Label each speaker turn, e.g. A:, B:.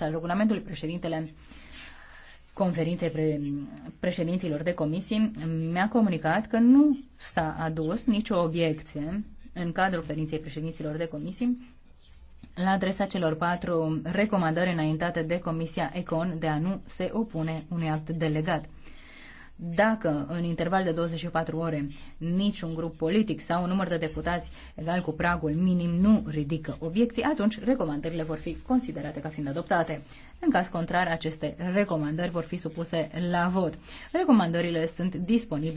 A: sau regulamentului președintele conferinței pre- președinților de comisii mi-a comunicat că nu s-a adus nicio obiecție în cadrul conferinței președinților de comisii la adresa celor patru recomandări înaintate de Comisia ECON de a nu se opune unui act delegat. Dacă în interval de 24 ore niciun grup politic sau un număr de deputați egal cu pragul minim nu ridică obiecții, atunci recomandările vor fi considerate ca fiind adoptate. În caz contrar, aceste recomandări vor fi supuse la vot. Recomandările
B: sunt disponibile